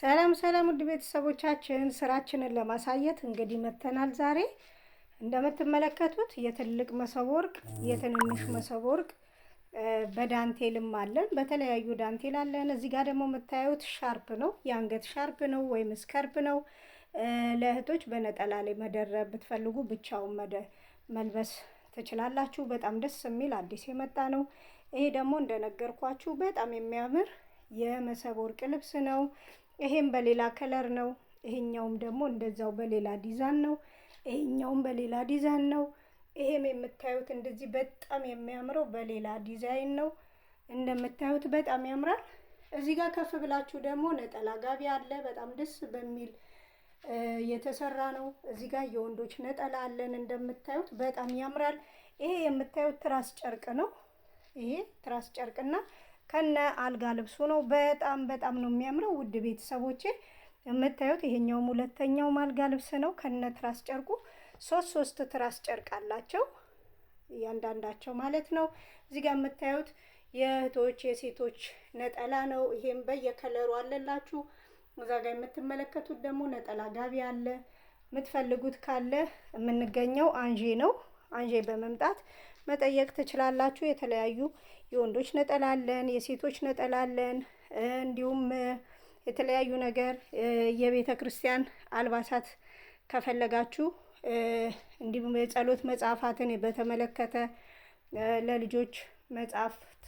ሰላም ሰላም ውድ ቤተሰቦቻችን ስራችንን ለማሳየት እንግዲህ መተናል። ዛሬ እንደምትመለከቱት የትልቅ መሰብ ወርቅ፣ የትንንሽ መሰብ ወርቅ በዳንቴልም አለን፣ በተለያዩ ዳንቴል አለን። እዚህ ጋር ደግሞ የምታዩት ሻርፕ ነው፣ የአንገት ሻርፕ ነው ወይም ስከርፕ ነው። ለእህቶች በነጠላ ላይ መደረብ ብትፈልጉ ብቻውን መልበስ ትችላላችሁ። በጣም ደስ የሚል አዲስ የመጣ ነው። ይሄ ደግሞ እንደነገርኳችሁ በጣም የሚያምር የመሰብ ወርቅ ልብስ ነው። ይሄም በሌላ ከለር ነው። ይሄኛውም ደግሞ እንደዛው በሌላ ዲዛይን ነው። ይሄኛውም በሌላ ዲዛይን ነው። ይሄም የምታዩት እንደዚህ በጣም የሚያምረው በሌላ ዲዛይን ነው። እንደምታዩት በጣም ያምራል። እዚህ ጋር ከፍ ብላችሁ ደግሞ ነጠላ ጋቢ አለ። በጣም ደስ በሚል የተሰራ ነው። እዚህ ጋር የወንዶች ነጠላ አለን እንደምታዩት በጣም ያምራል። ይሄ የምታዩት ትራስ ጨርቅ ነው። ይሄ ትራስ ጨርቅና ከነ አልጋ ልብሱ ነው። በጣም በጣም ነው የሚያምረው። ውድ ቤተሰቦቼ የምታዩት ይሄኛውም ሁለተኛውም አልጋ ልብስ ነው ከነ ትራስ ጨርቁ። ሶስት ሶስት ትራስ ጨርቅ አላቸው እያንዳንዳቸው ማለት ነው። እዚህ ጋር የምታዩት የእህቶች የሴቶች ነጠላ ነው። ይሄም በየከለሩ አለላችሁ። እዛ ጋር የምትመለከቱት ደግሞ ነጠላ ጋቢ አለ። የምትፈልጉት ካለ የምንገኘው አንዤ ነው። አንዤ በመምጣት መጠየቅ ትችላላችሁ። የተለያዩ የወንዶች ነጠላለን፣ የሴቶች ነጠላለን፣ እንዲሁም የተለያዩ ነገር የቤተ ክርስቲያን አልባሳት ከፈለጋችሁ እንዲሁም የጸሎት መጽሐፋትን በተመለከተ ለልጆች መጽሐፍት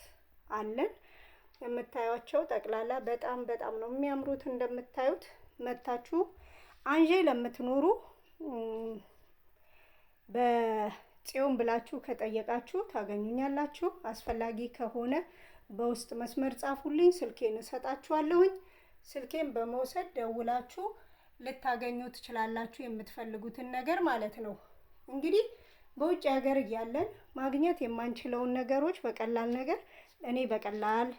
አለን። የምታዩቸው ጠቅላላ በጣም በጣም ነው የሚያምሩት። እንደምታዩት መታችሁ አንዤ ለምትኖሩ በ ጽዮን ብላችሁ ከጠየቃችሁ ታገኙኛላችሁ። አስፈላጊ ከሆነ በውስጥ መስመር ጻፉልኝ፣ ስልኬን እሰጣችኋለሁኝ። ስልኬን በመውሰድ ደውላችሁ ልታገኙ ትችላላችሁ፣ የምትፈልጉትን ነገር ማለት ነው። እንግዲህ በውጭ ሀገር እያለን ማግኘት የማንችለውን ነገሮች በቀላል ነገር እኔ በቀላል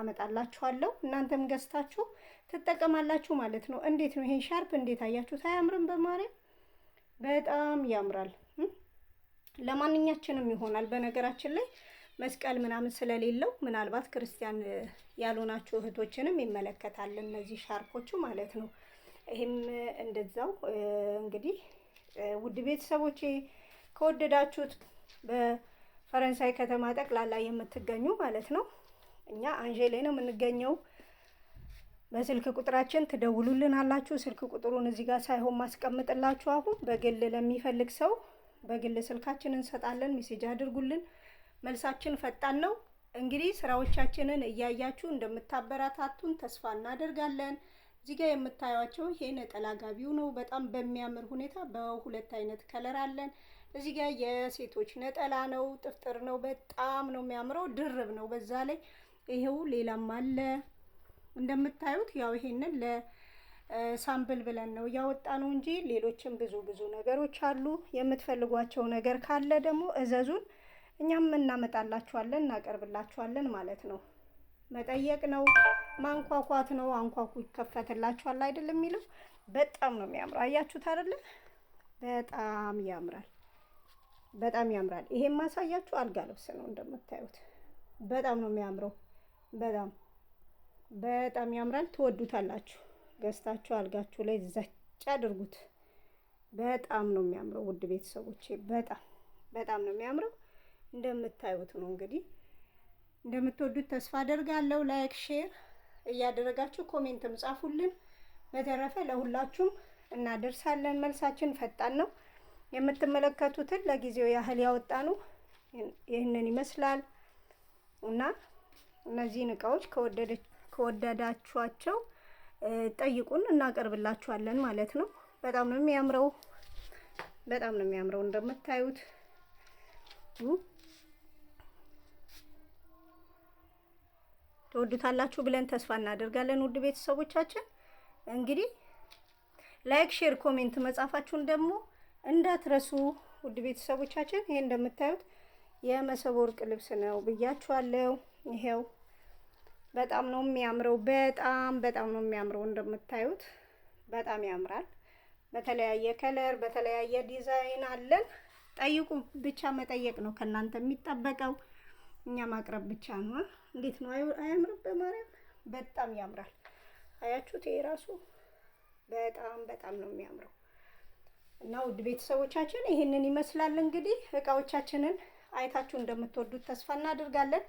አመጣላችኋለሁ እናንተም ገዝታችሁ ትጠቀማላችሁ ማለት ነው። እንዴት ነው ይሄን ሻርፕ እንዴት አያችሁት? አያምርም? በማርያም በጣም ያምራል። ለማንኛችንም ይሆናል። በነገራችን ላይ መስቀል ምናምን ስለሌለው ምናልባት ክርስቲያን ያልሆናችሁ እህቶችንም ይመለከታል። እነዚህ ሻርፖቹ ማለት ነው። ይህም እንደዛው እንግዲህ ውድ ቤተሰቦቼ ከወደዳችሁት በፈረንሳይ ከተማ ጠቅላላ የምትገኙ ማለት ነው እኛ አንጀሌ ነው የምንገኘው። በስልክ ቁጥራችን ትደውሉልን አላችሁ። ስልክ ቁጥሩን እዚህ ጋር ሳይሆን ማስቀምጥላችሁ አሁን በግል ለሚፈልግ ሰው በግል ስልካችን እንሰጣለን። ሜሴጅ አድርጉልን። መልሳችን ፈጣን ነው። እንግዲህ ስራዎቻችንን እያያችሁ እንደምታበረታቱን ተስፋ እናደርጋለን። እዚህ ጋር የምታዩቸው ይሄ ነጠላ ጋቢው ነው። በጣም በሚያምር ሁኔታ በሁለት አይነት ከለር አለን። እዚህ ጋር የሴቶች ነጠላ ነው። ጥፍጥር ነው። በጣም ነው የሚያምረው። ድርብ ነው። በዛ ላይ ይሄው ሌላም አለ እንደምታዩት ያው ይሄንን ለ ሳምፕል ብለን ነው እያወጣ ነው እንጂ ሌሎችም ብዙ ብዙ ነገሮች አሉ። የምትፈልጓቸው ነገር ካለ ደግሞ እዘዙን፣ እኛም እናመጣላችኋለን፣ እናቀርብላችኋለን ማለት ነው። መጠየቅ ነው፣ ማንኳኳት ነው። አንኳኩ ይከፈትላችኋል አይደል የሚለው በጣም ነው የሚያምረው። አያችሁት አይደለ? በጣም ያምራል፣ በጣም ያምራል። ይሄ ማሳያችሁ አልጋ ልብስ ነው እንደምታዩት። በጣም ነው የሚያምረው። በጣም በጣም ያምራል። ትወዱታላችሁ። ገዝታችሁ አልጋችሁ ላይ ዘጭ አድርጉት። በጣም ነው የሚያምረው ውድ ቤተሰቦቼ፣ በጣም በጣም ነው የሚያምረው። እንደምታዩት ነው እንግዲህ እንደምትወዱት ተስፋ አደርጋለሁ። ላይክ ሼር እያደረጋችሁ ኮሜንትም ጻፉልን። በተረፈ ለሁላችሁም እናደርሳለን። መልሳችን ፈጣን ነው። የምትመለከቱትን ለጊዜው ያህል ያወጣ ነው ይህንን ይመስላል እና እነዚህን እቃዎች ከወደዳችኋቸው ጠይቁን፣ እናቀርብላችኋለን ማለት ነው። በጣም ነው የሚያምረው፣ በጣም ነው የሚያምረው እንደምታዩት ትወዱታላችሁ ብለን ተስፋ እናደርጋለን። ውድ ቤተሰቦቻችን እንግዲህ ላይክ፣ ሼር፣ ኮሜንት መጻፋችሁን ደግሞ እንዳትረሱ ውድ ቤተሰቦቻችን። ይሄ እንደምታዩት የመሰብ ወርቅ ልብስ ነው ብያችኋለሁ። ይሄው በጣም ነው የሚያምረው። በጣም በጣም ነው የሚያምረው። እንደምታዩት በጣም ያምራል። በተለያየ ከለር በተለያየ ዲዛይን አለን። ጠይቁ፣ ብቻ መጠየቅ ነው ከእናንተ የሚጠበቀው። እኛ ማቅረብ ብቻ ነው። እንዴት ነው አያምርም? በማርያም በጣም ያምራል። አያችሁት? ይሄ ራሱ በጣም በጣም ነው የሚያምረው እና ውድ ቤተሰቦቻችን ይህንን ይመስላል እንግዲህ እቃዎቻችንን አይታችሁ እንደምትወዱት ተስፋ እናድርጋለን።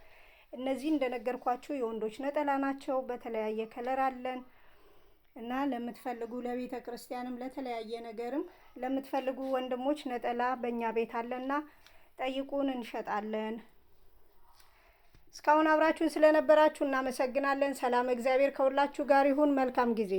እነዚህ እንደነገርኳችሁ የወንዶች ነጠላ ናቸው። በተለያየ ከለር አለን እና ለምትፈልጉ ለቤተ ክርስቲያንም ለተለያየ ነገርም ለምትፈልጉ ወንድሞች ነጠላ በእኛ ቤት አለና ጠይቁን፣ እንሸጣለን። እስካሁን አብራችሁን ስለነበራችሁ እናመሰግናለን። ሰላም፣ እግዚአብሔር ከሁላችሁ ጋር ይሁን። መልካም ጊዜ